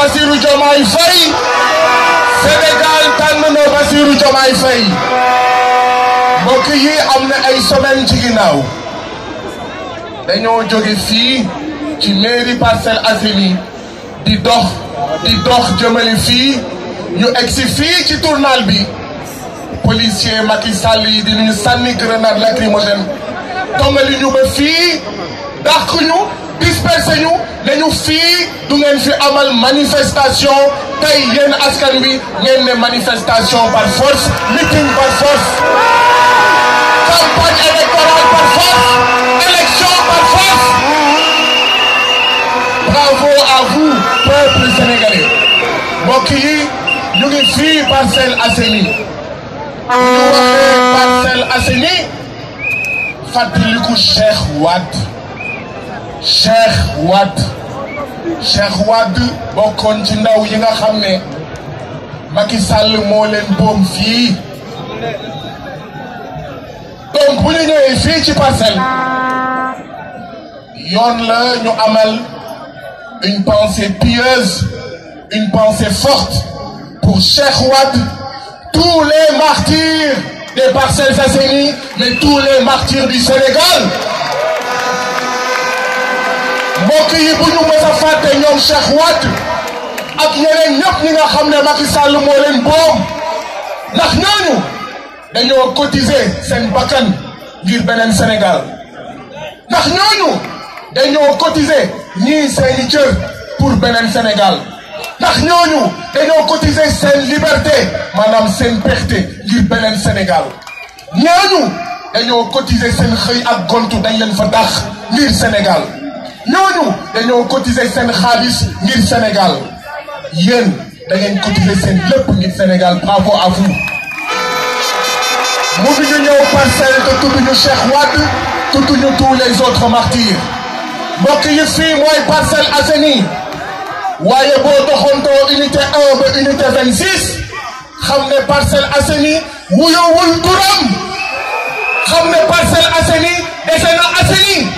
Bassirou Diomaye Faye Sénégal tànn na Bassirou yi am na ay semaine ci ginnaaw dañoo jóge fii ci mairie Parcelles Assainies di dox di dox jëmale fii ñu egsi fii ci tournal bi policier Macky yi di ñu sànni grenade lacrymogène tongali ñu ba fii dàq dispersé nous nous filles, nous avons fait amal manifestation tey yéen askan wi manifestation par force meeting par force campagne électorale par force élection par force bravo à vous peuple sénégalais mbokk yi ñu ngi fii Parcelles avons fait waxee Parcelles Assainies Fatilikou Cheikh Wad. Cheikh Wade Cheikh Wade bon continue à yi nga xam Macky Sall moo leen donc pour les amal une pensée pieuse une pensée forte pour Cheikh Wade tous les martyrs des Parcelles Assainies mais tous les martyrs du Sénégal mbokk yi bu ñu mës a fàtte ñoom Cheikh Wade ak ñeneen ñëpp ñi nga xam ne Macky Sall moo leen boom ndax ñooñu dañoo cotiser seen bakkan ngir beneen Sénégal ndax ñooñu dañoo cotiser ñii seeni cër pour beneen Sénégal ndax ñooñu dañoo cotiser seen liberté maanaam seen perte ngir beneen Sénégal ñooñu dañoo cotiser seen xëy ak gontu dañ leen fa dàq ngir Sénégal. ñooñu dañoo cotiser seen xaalis ngir Sénégal yéen da ngeen cotiser seen lépp ngir Sénégal bravo à vous. mënuñu ñëw parcelle te tudduñu Cheikh Wade tudduñu tous les autres martyrs mbokk yi fii mooy Parcelles Assainies waaye boo doxantoo unité 1 ba unité 26 xam ne Parcelles Assainies wuyoowul turam xam ne Parcelles Assainies dese na Assainies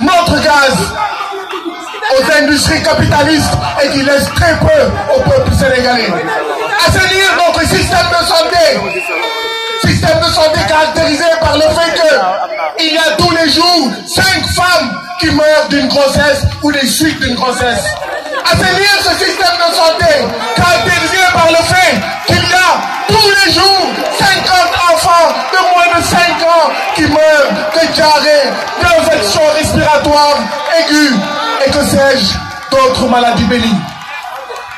notre gaz aux industries capitalistes et qui laisse très peu au peuple sénégalais. Assainir notre système de santé, système de santé caractérisé par le fait que il y a tous les jours cinq femmes qui meurent d'une grossesse ou des suites d'une grossesse. Assainir ce système de santé caractérisé par le fait qu'il y a tous les jours 50 enfants de moins de 5 ans qui meurent, de aiguë et que sais-je, d'autres maladies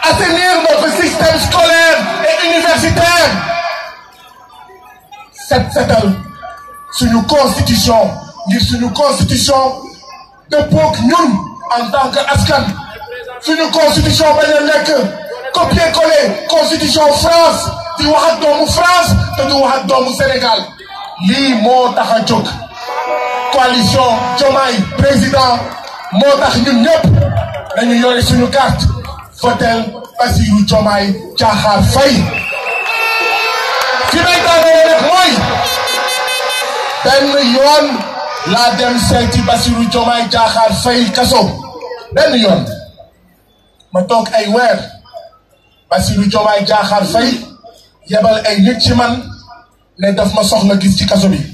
à Assainir notre système scolaire et universitaire. Cette c'est une constitution sur une constitution d'époque nul en tant qu'ASCAN, askan une constitution bañ copier coller constitution France du haut dans France tu du haut Sénégal li mon coalition Diomaye président moo tax ñun ñëpp dañu yore suñu carte votel Bassirou Diomaye Diakhar Faye fi may tàmbalee rek mooy benn yoon laa dem seeti Bassirou Diomaye Diakhar Faye kaso benn yoon ma toog ay weer Bassirou Diomaye Diakhar Faye yebal ay nit ci man ne daf ma soxla gis ci kaso bi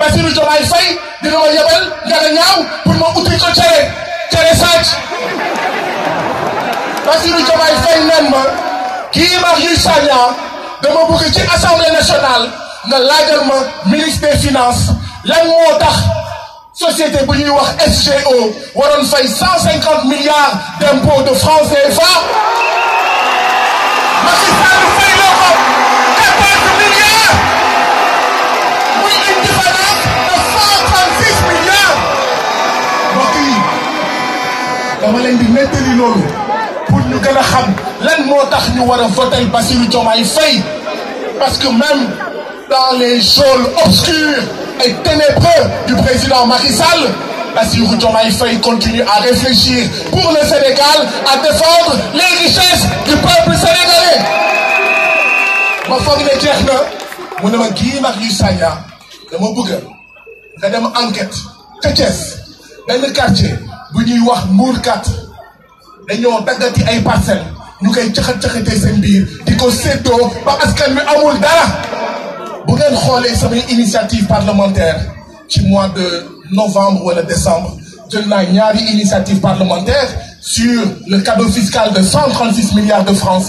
Bassirou Diomaye Faye dina ma yebal Ngalla Ñaaw pour ma uti ko cere cere saaj Bassirou Diomaye Faye nen ma kii Marius Sagna dama bëgg ma ministre des finances lan société bu ñuy wax SGO waroon fay milliards d'impôts de francs CFA dama leen di nettali loolu pour ñu gën a xam lan moo tax ñu war a voter Bassirou Diomaye fay parce que même dans les zones obscures et ténébreux du président Macky Sall Bassirou Diomaye fay continue à réfléchir pour le Sénégal à défendre les richesses du peuple sénégalais ma foog ne jeex na mu ne ma Guy yu Sagna dama bëgg nga dem enquête ca Thiès benn quartier bu ñuy wax muurkat dañoo daggati ay parcelles ñu koy caxat-caxatee seen biir di ko ba askan bi amul dara bu ngeen xoolee samay initiative parlementaire ci mois de novembre wala décembre de naa ñaari initiative parlementaire sur le cadeau fiscal de 136 milliards de francs